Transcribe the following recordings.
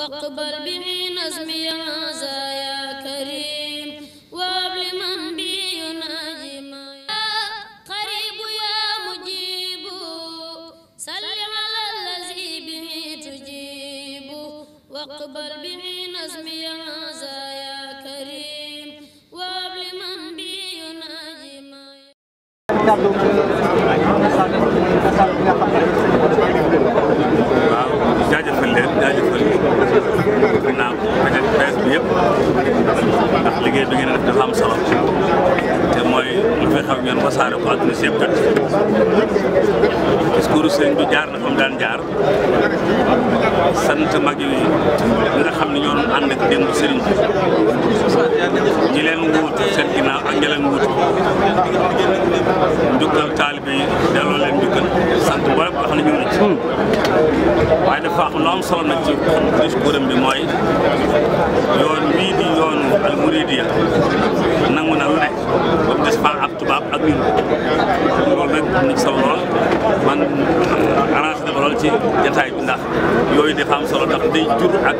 واقبل به يا هذا يا كريم وابل من بي يناجي يا قريب يا مجيب سل على الذي به تجيب واقبل به يا هذا يا كريم وابل من بي يناجي ما bi ngeen def dafa am solo te mooy lu fi xew ngeen wasaare ko àdduna si yëpp kat discours sëñ jaar na fa mu daan jaar sant mag yi nga xam ne ñoo doon ànd ak démb sëriñ bi ñi leen wuut seen ginnaaw ak ñi leen sant mboolem boo xam ne ñu ngi waaye dafa am lu am solo nag ci discours am mooy yoon wii juridiya nangu na lu ne ba mu des pas ab tubaab ak ñun loolu nag am solo man arrangé na lool ci jataay bi ndax solo ndax day jur ak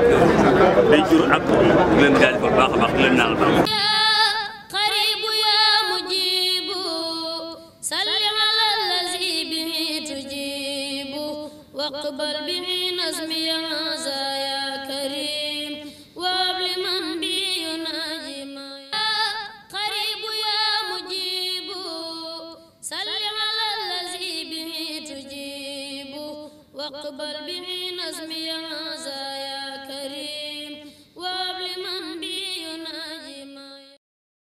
day jur ak leen baax baax baax به واقبل به نظمي هذا